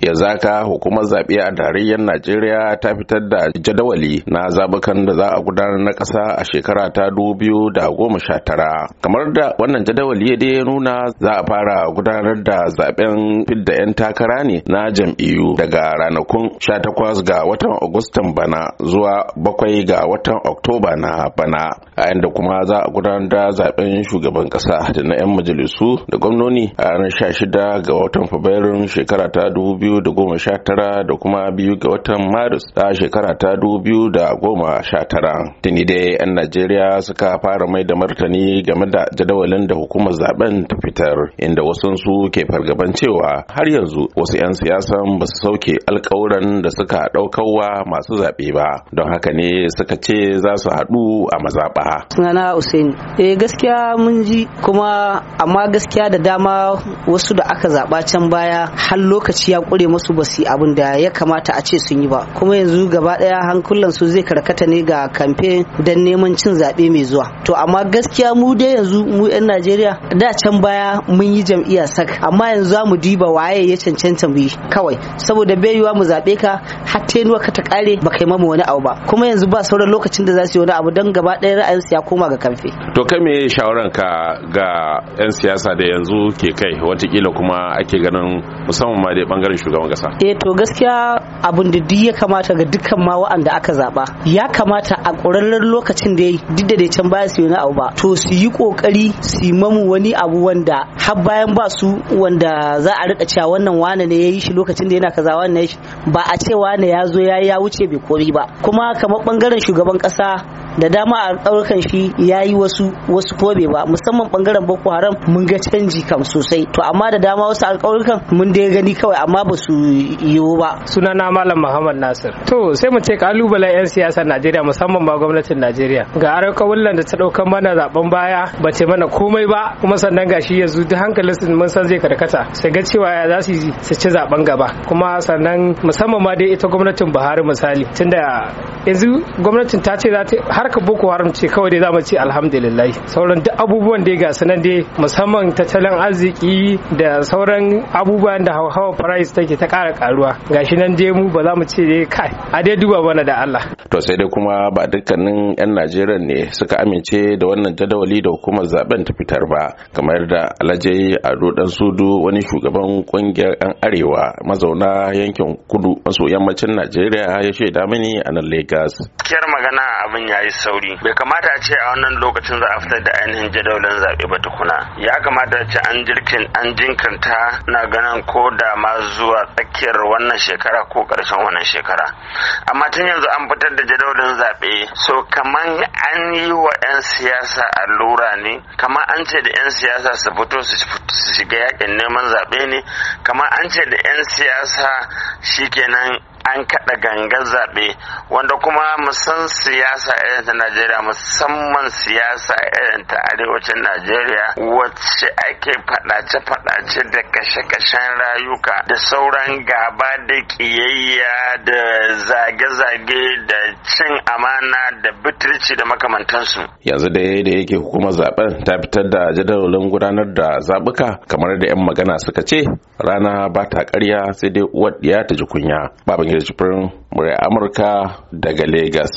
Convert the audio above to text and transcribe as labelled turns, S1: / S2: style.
S1: ya zaka hukumar zaɓe a tarayyar najeriya ta fitar da jadawali na zabukan da za a gudanar na ƙasa a shekara ta dubu da kamar da wannan jadawali ya dai nuna za a fara gudanar da zaben fidda 'yan takara ne na jam'iyyu daga ranakun 18 ga watan agustan bana zuwa bakwai ga watan oktoba na bana a yanda kuma za a gudanar da zaben shugaban ƙasa da na 'yan majalisu da gwamnoni a ranar 16 ga watan fabrairun shekara ta 2000 2019 da kuma biyu ga watan maris a shekara ta 2019 tuni dai 'yan najeriya suka fara mai da martani game da jadawalin da hukumar zaben ta fitar inda wasu su ke fargaban cewa har yanzu wasu 'yan siyasan ba su sauke alkawuran da suka ɗaukawa masu zaɓe ba don haka ne suka ce za su haɗu a mazaɓa.
S2: sunana Usaini. eh gaskiya mun ji kuma amma gaskiya da dama wasu da aka zaɓa can baya har lokaci ya kure musu ba su abin da ya kamata a ce sun yi ba kuma yanzu gaba daya hankulan su zai karkata ne ga kamfe don neman cin zaɓe mai zuwa to amma gaskiya mu dai yanzu mu 'yan najeriya da can baya mun yi jam'iyya sak amma yanzu za mu diba waye ya cancanta mu yi kawai saboda bai yiwa mu zaɓe ka har yi ka ta kare ba kai mamu wani abu ba kuma yanzu ba sauran lokacin da za su yi wani abu don gaba daya ra'ayin su ya koma ga kamfe
S1: to kai me shawaran ka ga 'yan siyasa da yanzu ke kai watakila kuma ake ganin musamman ma dai bangaren shugaban kasa
S2: eh to gaskiya abin da duk ya kamata ga dukkan ma wa'anda aka zaba ya kamata a ƙurarren lokacin da yi duk da dai can baya su yi abu ba to su yi kokari su yi mamu wani abu wanda har bayan ba su wanda za a rika cewa wannan wane ne yi shi lokacin da yana kaza wannan ba a ce wane ya zo ya ya wuce bai kori ba kuma kamar ɓangaren shugaban ƙasa. da dama a daukan shi yayi yi wasu wasu kobe ba musamman bangaren boko haram mun ga canji kam sosai to amma da dama wasu alƙawarkan mun dai gani kawai amma ba su
S3: yi ba sunana malam muhammad nasir to sai mu ce kalubalen yan siyasar najeriya musamman ma gwamnatin najeriya ga alƙawullan da ta ɗaukan mana zaben baya ba ce mana komai ba kuma sannan gashi yanzu duk hankalin su mun san zai karkata sai ga cewa ya za su su ci zaben gaba kuma sannan musamman ma dai ita gwamnatin buhari misali tunda yanzu gwamnatin ta ce za ta har harkar boko haram ce kawai dai zama ce alhamdulillah sauran duk abubuwan da ga sanan dai musamman tattalin arziki da sauran abubuwan da hawa price take ta kara karuwa gashi nan dai mu ba za mu ce dai kai a dai duba mana da Allah
S1: to sai dai kuma ba dukkanin yan Najeriya ne suka amince da wannan jadawali da hukumar zaben ta fitar ba kamar da Alhaji Ado Dan Sudu wani shugaban kungiyar yan arewa mazauna yankin kudu maso yammacin Najeriya ya shaida mini a nan Lagos kiyar magana
S4: abin yayi sauri bai kamata a ce a wannan lokacin za a fitar da ainihin jadawalin zaɓe ba tukuna ya kamata a ce an jirkin an jinkirta na ganin ko da ma zuwa tsakiyar wannan shekara ko ƙarshen wannan shekara amma tun yanzu an fitar da jadawalin zaɓe so kaman an yi wa 'yan siyasa allura ne kamar an ce da 'yan siyasa su fito su shiga yakin neman zaɓe ne kamar an ce da 'yan siyasa shikenan an kaɗa gangar zaɓe wanda kuma musan siyasa irin ta najeriya musamman siyasa irin ta arewacin najeriya wacce ake faɗace-faɗace da kashe-kashen rayuka da sauran gaba da ƙiyayya da zage-zage da cin amana da bitirci da makamantansu
S1: yanzu da da yake hukumar zaben ta fitar da jadawalin gudanar da zabuka kamar da 'yan magana suka ce rana ba ta ƙarya sai dai uwar ya ta ji kunya babangida jibrin amurka daga Legas.